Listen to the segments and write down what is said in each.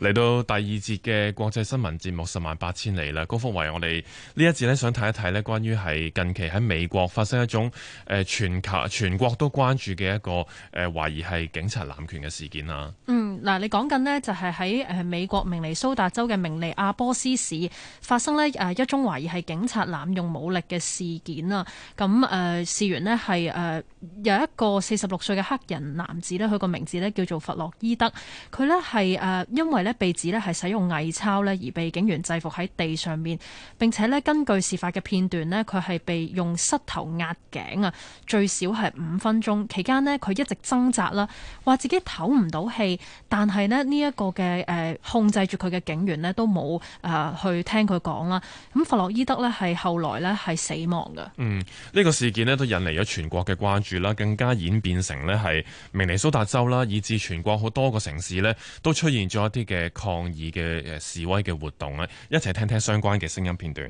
嚟到第二節嘅國際新聞節目十萬八千里啦，高福為我哋呢一節咧想睇一睇咧，關於係近期喺美國發生一種誒全球全國都關注嘅一個誒懷疑係警察濫權嘅事件啦。嗯，嗱，你講緊呢就係喺誒美國明尼蘇達州嘅明尼阿波斯市發生咧誒一宗懷疑係警察濫用武力嘅事件啊。咁誒、呃、事源呢係誒有一個四十六歲嘅黑人男子咧，佢個名字咧叫做弗洛伊德，佢呢係誒因為咧。被指咧係使用偽鈔咧而被警員制服喺地上面，並且咧根據事發嘅片段咧，佢係被用膝頭壓頸啊，最少係五分鐘期間咧，佢一直掙扎啦，話自己唞唔到氣，但係咧呢一個嘅誒控制住佢嘅警員咧都冇誒去聽佢講啦。咁弗洛伊德咧係後來咧係死亡嘅。嗯，呢、這個事件咧都引嚟咗全國嘅關注啦，更加演變成咧係明尼蘇達州啦，以至全國好多個城市咧都出現咗一啲嘅。嘅抗議嘅示威嘅活動咧，一齊聽聽相關嘅聲音片段。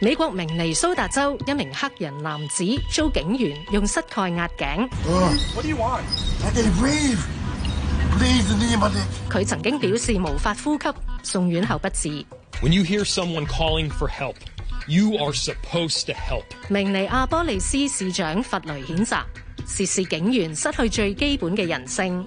美國明尼蘇達州一名黑人男子遭警員用膝蓋壓頸，佢曾經表示無法呼吸，送院後不治。When you hear someone calling for help, you are supposed to help. 明尼阿波利斯市長弗雷譴責，涉事警員失去最基本嘅人性。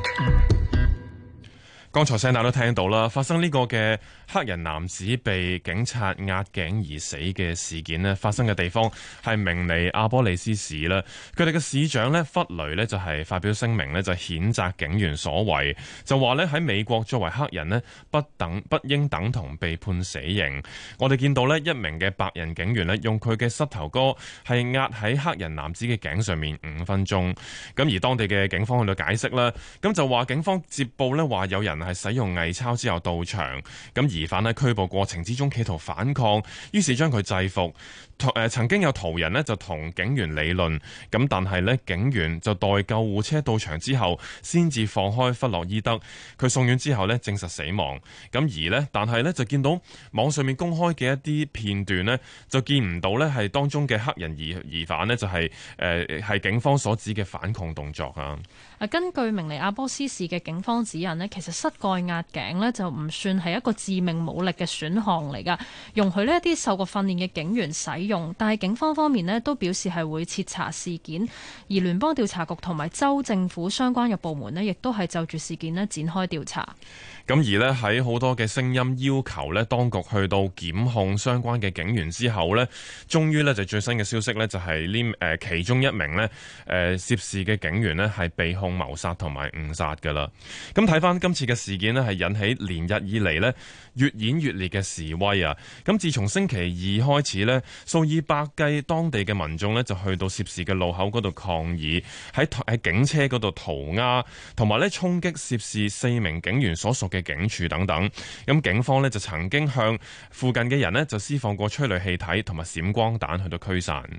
剛才聲帶都聽到啦，發生呢個嘅黑人男子被警察壓頸而死嘅事件咧，發生嘅地方係明尼阿波利斯市啦。佢哋嘅市長咧，弗雷就係發表聲明咧，就譴責警員所為，就話咧喺美國作為黑人不等不應等同被判死刑。我哋見到咧，一名嘅白人警員用佢嘅膝頭哥係壓喺黑人男子嘅頸上面五分鐘。咁而當地嘅警方去到解釋啦，咁就話警方接報咧，話有人。係使用偽鈔之後到場，咁疑犯喺拘捕過程之中企圖反抗，於是將佢制服。誒，曾經有途人咧就同警員理論，咁但係咧警員就待救護車到場之後，先至放開弗洛伊德。佢送院之後咧證實死亡。咁而咧，但係咧就見到網上面公開嘅一啲片段咧，就見唔到咧係當中嘅黑人疑疑犯咧就係誒係警方所指嘅反抗動作啊。根據明尼亞波斯市嘅警方指引咧，其實失蓋壓頸呢，就唔算係一個致命武力嘅選項嚟噶，容許呢一啲受過訓練嘅警員使用。但係警方方面呢，都表示係會徹查事件，而聯邦調查局同埋州政府相關嘅部門呢，亦都係就住事件呢展開調查。咁而呢，喺好多嘅聲音要求呢，當局去到檢控相關嘅警員之後呢，終於呢，就最新嘅消息呢，就係呢誒其中一名呢誒涉事嘅警員呢，係被控謀殺同埋誤殺噶啦。咁睇翻今次嘅。事件呢，係引起連日以嚟呢，越演越烈嘅示威啊！咁自從星期二開始咧，數以百計當地嘅民眾咧就去到涉事嘅路口嗰度抗議，喺喺警車嗰度塗鴉同埋咧衝擊涉事四名警員所屬嘅警署等等。咁警方咧就曾經向附近嘅人咧就施放過催淚氣體同埋閃光彈去到驅散。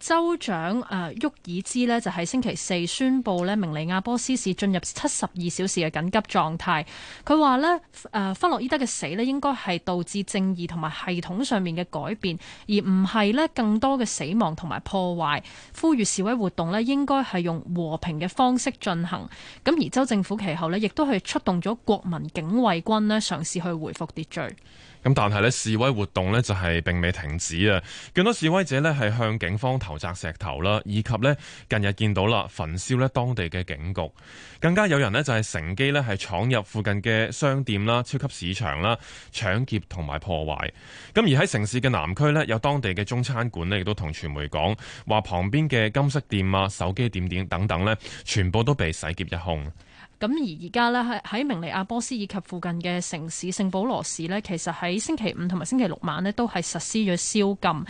州長誒沃爾茲咧就喺星期四宣布咧明尼亞波斯市進入七十二小時嘅緊急狀態，佢話咧誒弗洛伊德嘅呢應該係導致正義同埋系統上面嘅改變，而唔係呢更多嘅死亡同埋破壞。呼籲示威活動呢應該係用和平嘅方式進行。咁而州政府其後呢亦都係出動咗國民警衛軍呢嘗試去回復秩序。咁但係咧示威活動呢就係並未停止啊！見到示威者呢係向警方投擲石頭啦，以及呢近日見到啦焚燒咧當地嘅警局，更加有人呢就係乘機呢係闖入附近嘅商店啦、超級市場啦搶劫同埋破壞。咁而喺城市嘅南區呢有當地嘅中餐館呢亦都同傳媒講話，旁邊嘅金飾店啊、手機店點等等，全部都被洗劫一空。咁而而家呢，喺喺明尼阿波斯以及附近嘅城市聖保羅市呢，其實喺星期五同埋星期六晚呢，都係實施咗宵禁，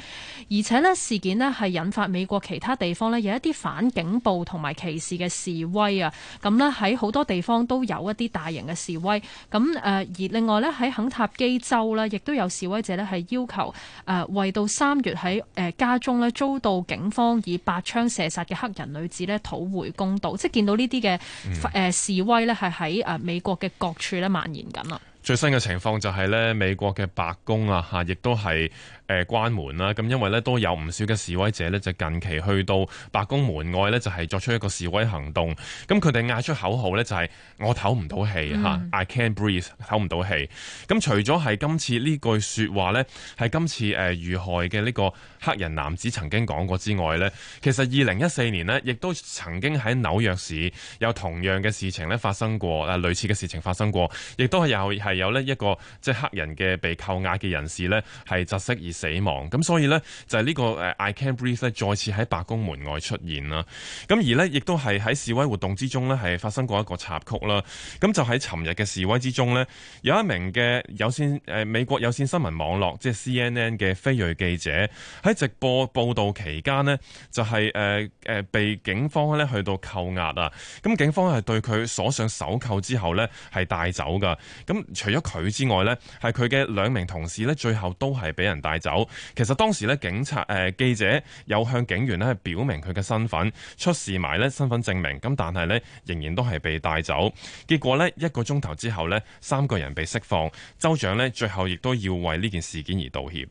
而且呢事件呢，係引發美國其他地方呢，有一啲反警暴同埋歧視嘅示威啊！咁呢，喺好多地方都有一啲大型嘅示威，咁誒，而另外呢，喺肯塔基州呢，亦都有示威者呢，係要求誒為到三月喺誒家中呢，遭到警方以八槍射殺嘅黑人女子呢，討回公道，即係見到呢啲嘅誒示。嗯示威咧，係喺誒美國嘅各處咧蔓延緊啦。最新嘅情況就係咧，美國嘅白宮啊，嚇，亦都係，誒關門啦，咁因為咧都有唔少嘅示威者呢，就近期去到白宮門外呢，就係作出一個示威行動。咁佢哋嗌出口號呢，就係，就係我唞唔到氣 I can't breathe，唞唔到氣。咁、嗯、除咗係今次呢句說話呢，係今次遇害嘅呢個黑人男子曾經講過之外呢，其實二零一四年呢，亦都曾經喺紐約市有同樣嘅事情呢發生過，類似嘅事情發生過，亦都係又係有呢一個即係黑人嘅被扣押嘅人士呢，係窒息而死亡。咁，所以咧就係呢個誒 I can't breathe 咧，再次喺白宮門外出現啦。咁而咧，亦都係喺示威活動之中咧，係發生過一個插曲啦。咁就喺尋日嘅示威之中咧，有一名嘅有綫誒美國有綫新聞網絡即係 CNN 嘅非裔記者喺直播報道期間咧，就係誒誒被警方咧去到扣押啊。咁警方係對佢鎖上手扣之後咧，係帶走噶。咁除咗佢之外咧，係佢嘅兩名同事咧，最後都係俾人帶走。走，其實當時警察誒、呃、記者有向警員表明佢嘅身份，出示埋身份證明，咁但係呢，仍然都係被帶走。結果呢，一個鐘頭之後呢，三個人被釋放，州長呢，最後亦都要為呢件事件而道歉。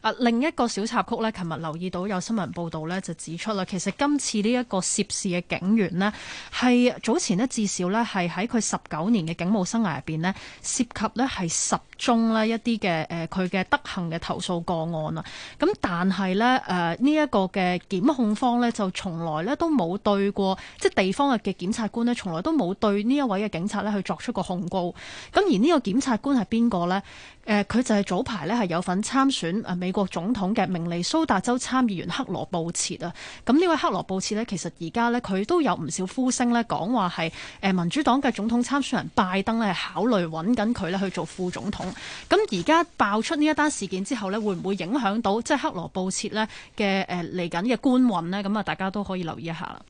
啊，另一個小插曲呢，琴日留意到有新聞報導呢，就指出啦，其實今次呢一個涉事嘅警員呢，係早前呢，至少呢，係喺佢十九年嘅警務生涯入面呢，涉及呢係十宗呢一啲嘅誒佢嘅德行嘅投訴個案啊。咁但係呢，呢、呃、呢一個嘅檢控方呢，就從來呢都冇對過，即地方嘅嘅檢察官呢，從來都冇對呢一位嘅警察呢去作出過控告。咁而呢個檢察官係邊個呢？誒、呃，佢就係早排呢，係有份參選。啊！美國總統嘅明尼蘇達州參議員克羅布切啊，咁呢位克羅布切咧，其實而家咧佢都有唔少呼聲咧，講話係誒民主黨嘅總統參選人拜登咧，考慮揾緊佢咧去做副總統。咁而家爆出呢一單事件之後咧，會唔會影響到即係克羅布切咧嘅誒嚟緊嘅官運呢？咁啊，大家都可以留意一下啦。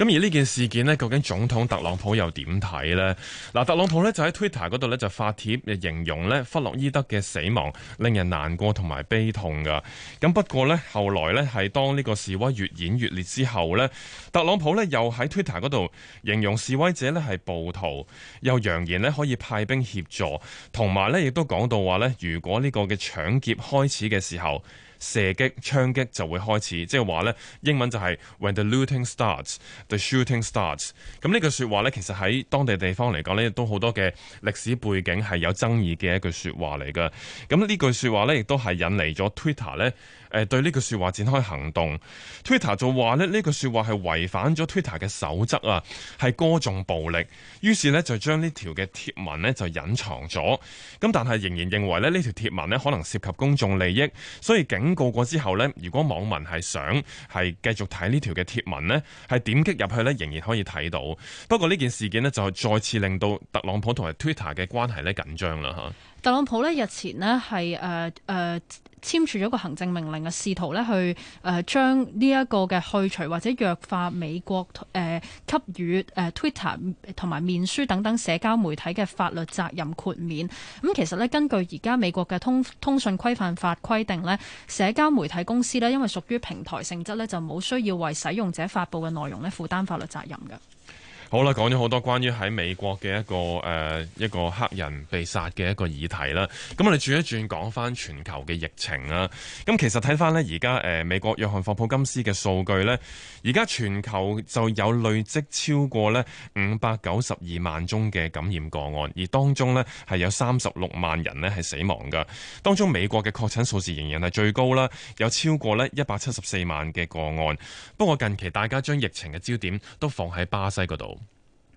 咁而呢件事件呢，究竟總統特朗普又點睇呢？嗱，特朗普呢就喺 Twitter 嗰度呢，就發帖，形容呢弗洛伊德嘅死亡令人難過同埋悲痛㗎。咁不過呢，後來呢係當呢個示威越演越烈之後呢，特朗普呢又喺 Twitter 嗰度形容示威者呢係暴徒，又揚言呢可以派兵協助，同埋呢亦都講到話呢，如果呢個嘅搶劫開始嘅時候。射擊、槍擊就會開始，即係話呢英文就係 When the looting starts, the shooting starts。咁呢句說話呢，其實喺當地地方嚟講呢，都好多嘅歷史背景係有爭議嘅一句說話嚟㗎。咁呢句說話呢，亦都係引嚟咗 Twitter 呢誒對呢句說話展開行動，Twitter 就話呢呢句說話係違反咗 Twitter 嘅守則啊，係歌頌暴力，於是呢，就將呢條嘅貼文呢就隱藏咗。咁但係仍然認為呢條貼文呢可能涉及公眾利益，所以警告過之後呢，如果網民係想係繼續睇呢條嘅貼文呢，係點擊入去呢，仍然可以睇到。不過呢件事件呢，就係再次令到特朗普同埋 Twitter 嘅關係咧緊張啦吓。特朗普日前咧、呃呃、簽署咗個行政命令嘅，試圖去誒、呃、將呢一個嘅去除或者弱化美國誒、呃、給予、呃、Twitter 同埋面書等等社交媒體嘅法律責任豁免。咁、嗯、其實呢根據而家美國嘅通通訊規範法規定，社交媒體公司因為屬於平台性質咧，就冇需要為使用者發布嘅內容咧負擔法律責任嘅。好啦，講咗好多關於喺美國嘅一個誒、呃、一個黑人被殺嘅一個議題啦。咁我哋轉一轉，講翻全球嘅疫情啦。咁其實睇翻呢，而家美國約翰霍普金斯嘅數據呢，而家全球就有累積超過呢五百九十二萬宗嘅感染個案，而當中呢係有三十六萬人呢係死亡噶。當中美國嘅確診數字仍然係最高啦，有超過呢一百七十四萬嘅個案。不過近期大家將疫情嘅焦點都放喺巴西嗰度。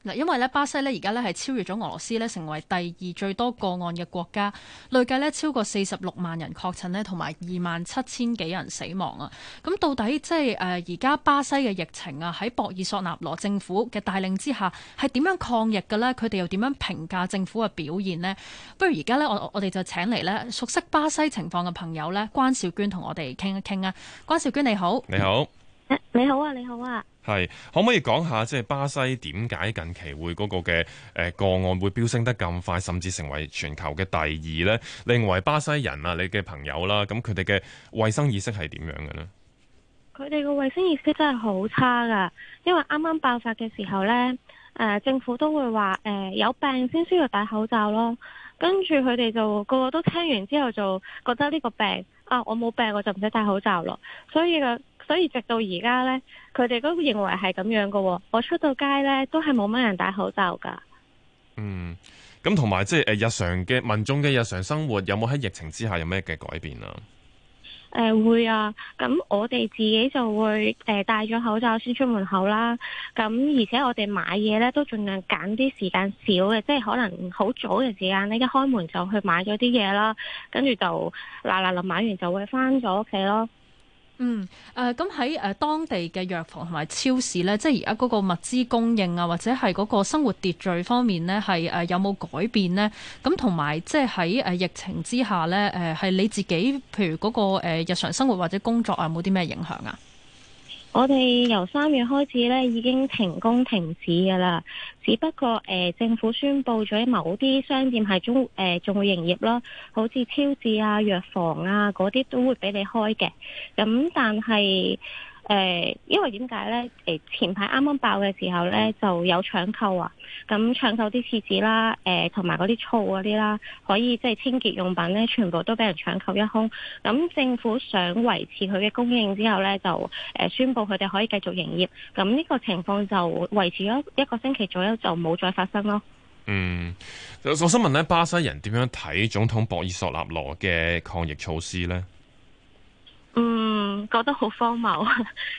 嗱，因為咧，巴西咧而家咧係超越咗俄羅斯咧，成為第二最多個案嘅國家，累計咧超過四十六萬人確診咧，同埋二萬七千幾人死亡啊！咁到底即係誒而家巴西嘅疫情啊，喺博爾索納羅政府嘅帶領之下，係點樣抗疫嘅呢？佢哋又點樣評價政府嘅表現呢？不如而家咧，我我哋就請嚟咧熟悉巴西情況嘅朋友咧，關少娟同我哋傾一傾啊！關少娟你好，你好，你好，你好啊，你好啊！係，可唔可以講下即係巴西點解近期會嗰個嘅誒、呃、個案會飆升得咁快，甚至成為全球嘅第二呢？另外，巴西人啊，你嘅朋友啦、啊，咁佢哋嘅衛生意識係點樣嘅呢？佢哋個衛生意識真係好差噶，因為啱啱爆發嘅時候呢，誒、呃、政府都會話誒、呃、有病先需要戴口罩咯，跟住佢哋就個個都聽完之後就覺得呢個病啊，我冇病我就唔使戴口罩咯，所以嘅。所以直到而家呢，佢哋都認為係咁樣噶、喔。我出到街呢，都係冇乜人戴口罩噶。嗯，咁同埋即係日常嘅民眾嘅日常生活有冇喺疫情之下有咩嘅改變啊？誒、呃，會啊。咁、嗯、我哋自己就會誒戴咗口罩先出門口啦。咁、嗯、而且我哋買嘢呢，都盡量揀啲時間少嘅，即係可能好早嘅時間呢一開門就去買咗啲嘢啦，跟住就嗱嗱臨買完就會翻咗屋企咯。嗯，誒、呃，咁喺誒當地嘅藥房同埋超市呢，即係而家嗰個物資供應啊，或者係嗰個生活秩序方面呢，係誒、呃、有冇改變呢？咁同埋即係喺誒疫情之下呢，誒、呃、係你自己譬如嗰個誒日常生活或者工作啊，有冇啲咩影響啊？我哋由三月開始咧已經停工停止噶啦，只不過誒、呃、政府宣布咗某啲商店係中誒仲、呃、會營業咯，好似超市啊、藥房啊嗰啲都會俾你開嘅，咁但係。誒、呃，因為點解呢？誒，前排啱啱爆嘅時候呢，就有搶購啊，咁搶購啲廁紙啦，誒、呃，同埋嗰啲醋嗰啲啦，可以即係清潔用品呢，全部都俾人搶購一空。咁政府想維持佢嘅供應之後呢，就誒宣布佢哋可以繼續營業。咁呢個情況就維持咗一個星期左右，就冇再發生咯。嗯，我想問呢，巴西人點樣睇總統博爾索納羅嘅抗疫措施呢？覺得好荒謬，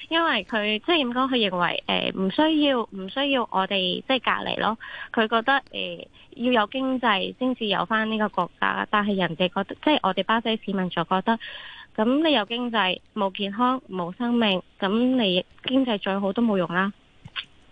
因為佢即係點講？佢、就是、認為誒，唔、呃、需要，唔需要我哋即係隔離咯。佢覺得誒、呃，要有經濟先至有返呢個國家。但係人哋覺得，即、就、係、是、我哋巴西市民就覺得，咁你有經濟冇健康冇生命，咁你經濟再好都冇用啦。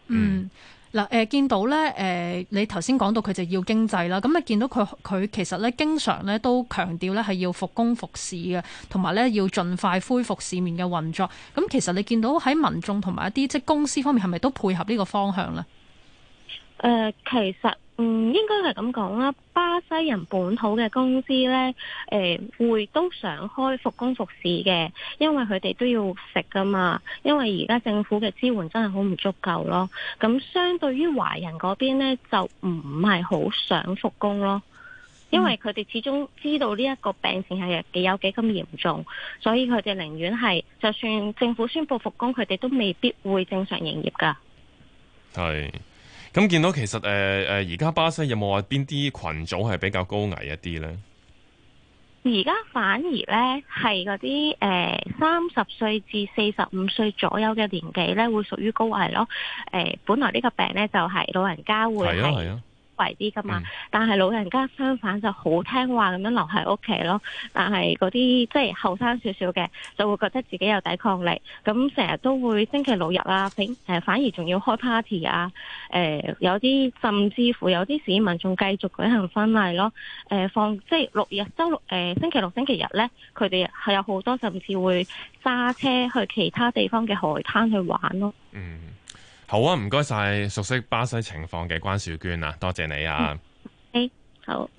嗯。嗱誒、呃，見到咧誒、呃，你頭先講到佢就要經濟啦，咁啊見到佢佢其實咧經常咧都強調咧係要復工復市嘅，同埋咧要盡快恢復市面嘅運作。咁其實你見到喺民眾同埋一啲即係公司方面係咪都配合呢個方向咧？誒、呃，其實。嗯，應該係咁講啦。巴西人本土嘅公司呢，誒、呃，會都想開復工復市嘅，因為佢哋都要食噶嘛。因為而家政府嘅支援真係好唔足夠咯。咁相對於華人嗰邊呢，就唔係好想復工咯，因為佢哋始終知道呢一個病情係幾有幾咁嚴重，所以佢哋寧願係就算政府宣布復工，佢哋都未必會正常營業噶。係。咁見到，其實誒誒，而家巴西有冇話邊啲群組係比較高危一啲咧？而家反而咧，係嗰啲誒三十歲至四十五歲左右嘅年紀咧，會屬於高危咯。誒，本來呢個病咧，就係老人家會係啊。啲嘛，嗯、但係老人家相反就好聽話咁樣留喺屋企咯。但係嗰啲即係後生少少嘅，就會覺得自己有抵抗力，咁成日都會星期六日啊，反而仲要開 party 啊。誒、呃，有啲甚至乎有啲市民仲繼續舉行婚禮咯。誒、呃，放即係六日周六誒、呃、星期六星期日呢，佢哋係有好多甚至會揸車去其他地方嘅海灘去玩咯。嗯。好啊，唔該晒熟悉巴西情況嘅關少娟啊，多謝你啊。誒、嗯嗯，好。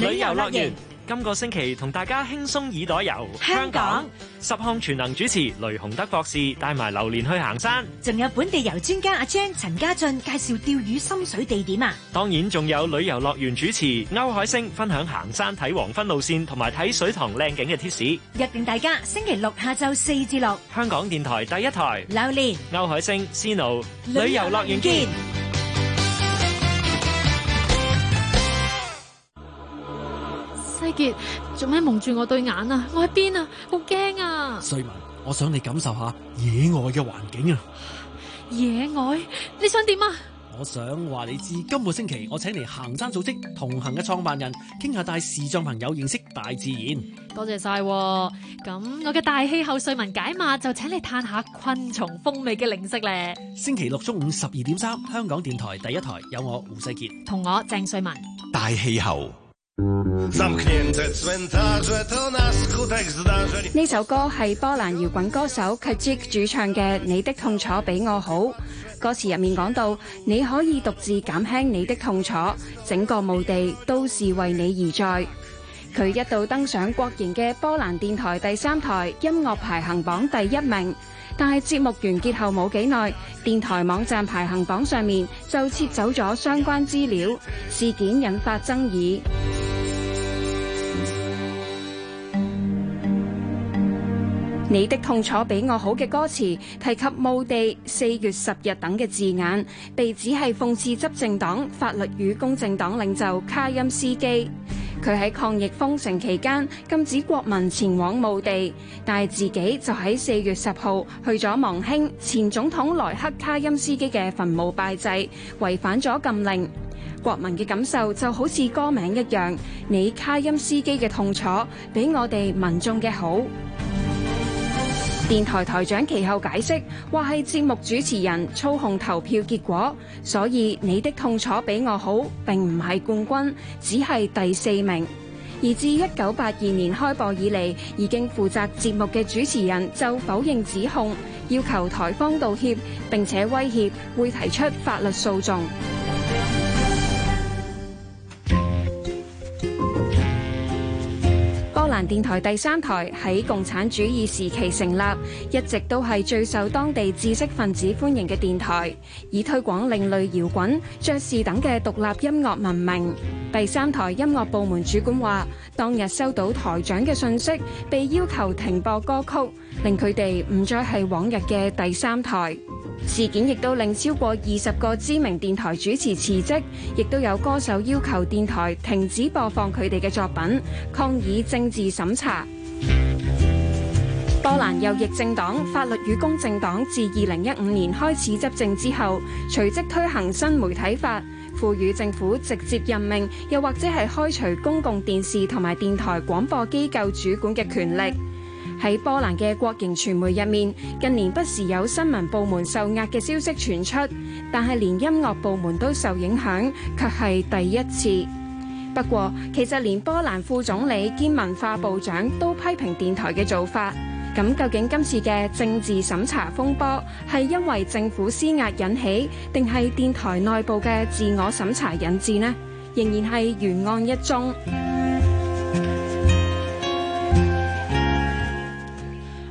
旅遊樂園。今個星期同大家輕鬆耳朵遊，香港十項全能主持雷洪德博士帶埋榴蓮去行山，仲有本地遊專家阿 Jean 陳家俊介紹釣魚深水地點啊！當然仲有旅遊樂園主持歐海星分享行山睇黃昏路線同埋睇水塘靚景嘅貼士。約定大家星期六下晝四至六，香港電台第一台榴蓮歐海星 Sino 旅遊樂園見。世杰，做咩蒙住我對眼，我在哪啊？我喺邊啊？好驚啊！穗文，我想你感受下野外嘅環境啊！野外，你想點啊？我想話你知，今個星期我請嚟行山組織同行嘅創辦人，傾下帶視障朋友認識大自然。多謝晒。咁我嘅大氣候，穗文解碼就請你嘆下昆蟲風味嘅零食咧。星期六中午十二點三，3，香港電台第一台有我胡世杰同我鄭穗文大氣候。呢首歌係波蘭搖滾歌手 Kajik 主唱嘅《你的痛楚比我好》。歌詞入面講到，你可以獨自減輕你的痛楚，整個墓地都是為你而在。佢一度登上國營嘅波蘭電台第三台音樂排行榜第一名。但係節目完結後冇幾耐，電台網站排行榜上面就撤走咗相關資料，事件引發爭議。 你的痛楚比我好嘅歌詞提及“墓地”四月十日等嘅字眼，被指係諷刺執政黨法律與公正黨領袖卡欽斯基。佢喺抗疫封城期間禁止國民前往墓地，但係自己就喺四月十號去咗亡兄前總統萊克卡欽斯基嘅墳墓拜祭，違反咗禁令。國民嘅感受就好似歌名一樣，你卡欽斯基嘅痛楚，比我哋民眾嘅好。電台台長其後解釋話係節目主持人操控投票結果，所以你的痛楚比我好，並唔係冠軍，只係第四名。而自一九八二年開播以嚟，已經負責節目嘅主持人就否認指控，要求台方道歉，並且威脅會提出法律訴訟。南電台第三台喺共產主義時期成立，一直都係最受當地知識分子歡迎嘅電台，以推廣另類搖滾、爵士等嘅獨立音樂聞名。第三台音樂部門主管話，當日收到台長嘅訊息，被要求停播歌曲，令佢哋唔再係往日嘅第三台。事件亦都令超過二十個知名電台主持辭職，亦都有歌手要求電台停止播放佢哋嘅作品，抗議政治審查。嗯。波蘭右翼政黨法律與公正黨自二零一五年開始執政之後，隨即推行新媒體法，賦予政府直接任命，又或者係開除公共電視同埋電台廣播機構主管嘅權力。喺波蘭嘅國營傳媒入面，近年不時有新聞部門受壓嘅消息傳出，但係連音樂部門都受影響，卻係第一次。不過，其實連波蘭副總理兼文化部長都批評電台嘅做法。咁究竟今次嘅政治審查風波係因為政府施壓引起，定係電台內部嘅自我審查引致呢？仍然係懸案一宗。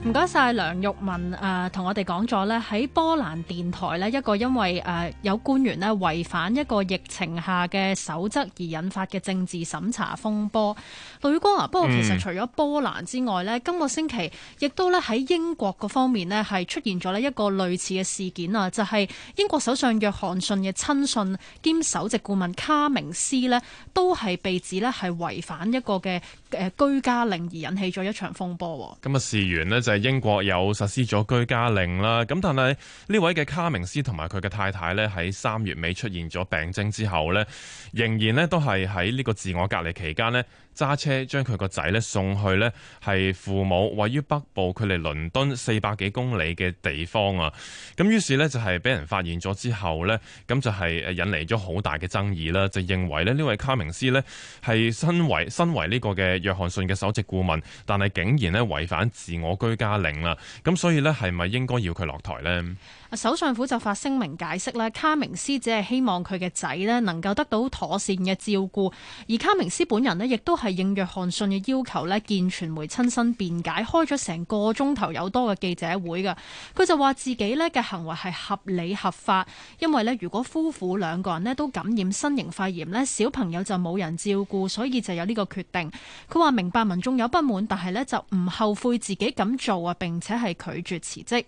唔該晒梁鈺雯。誒、呃、同我哋講咗咧，喺波蘭電台呢一個因為誒、呃、有官員呢違反一個疫情下嘅守則而引發嘅政治審查風波。雷光啊，不過其實除咗波蘭之外呢、嗯、今個星期亦都咧喺英國個方面呢係出現咗一個類似嘅事件啊，就係、是，英國首相約翰遜嘅親信兼首席顧問卡明斯呢都係被指呢係違反一個嘅。誒居家令而引起咗一場風波。咁啊，事源呢，就係英國有實施咗居家令啦。咁但係呢位嘅卡明斯同埋佢嘅太太呢，喺三月尾出現咗病徵之後呢，仍然呢都係喺呢個自我隔離期間呢。揸車將佢個仔咧送去呢係父母位於北部距離倫敦四百幾公里嘅地方啊！咁於是呢，就係俾人發現咗之後呢，咁就係引嚟咗好大嘅爭議啦！就認為呢呢位卡明斯呢係身為身為呢個嘅約翰遜嘅首席顧問，但係竟然呢違反自我居家令啦！咁所以呢，係咪應該要佢落台呢？首相府就發聲明解釋，卡明斯只係希望佢嘅仔能夠得到妥善嘅照顧，而卡明斯本人咧亦都係應約翰遜嘅要求咧見傳媒親身辯解，開咗成個鐘頭有多嘅記者會嘅。佢就話自己咧嘅行為係合理合法，因為如果夫婦兩個人都感染新型肺炎，小朋友就冇人照顧，所以就有呢個決定。佢話明白民眾有不滿，但係咧就唔後悔自己咁做啊，並且係拒絕辭職。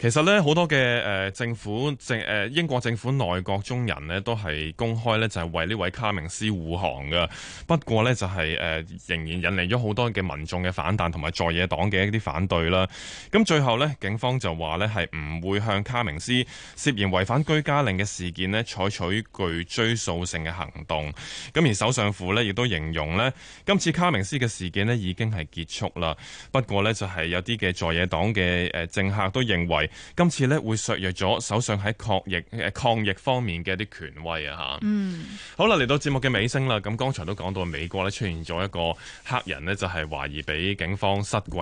其實呢好多嘅、呃、政府政、呃、英國政府內閣中人呢都係公開呢就係、是、為呢位卡明斯護航㗎。不過呢就係、是、誒、呃、仍然引嚟咗好多嘅民眾嘅反彈同埋在野黨嘅一啲反對啦。咁、啊、最後呢，警方就話呢係唔會向卡明斯涉嫌違反居家令嘅事件呢採取具追訴性嘅行動。咁、啊、而首相府呢，亦都形容呢今次卡明斯嘅事件呢已經係結束啦。不過呢，就係、是、有啲嘅在野黨嘅、呃、政客都認為。今次咧會削弱咗首相喺抗疫、誒抗疫方面嘅一啲權威啊嚇。嗯，好啦，嚟到節目嘅尾聲啦。咁剛才都講到美國咧出現咗一個黑人呢，就係懷疑俾警方失蹤。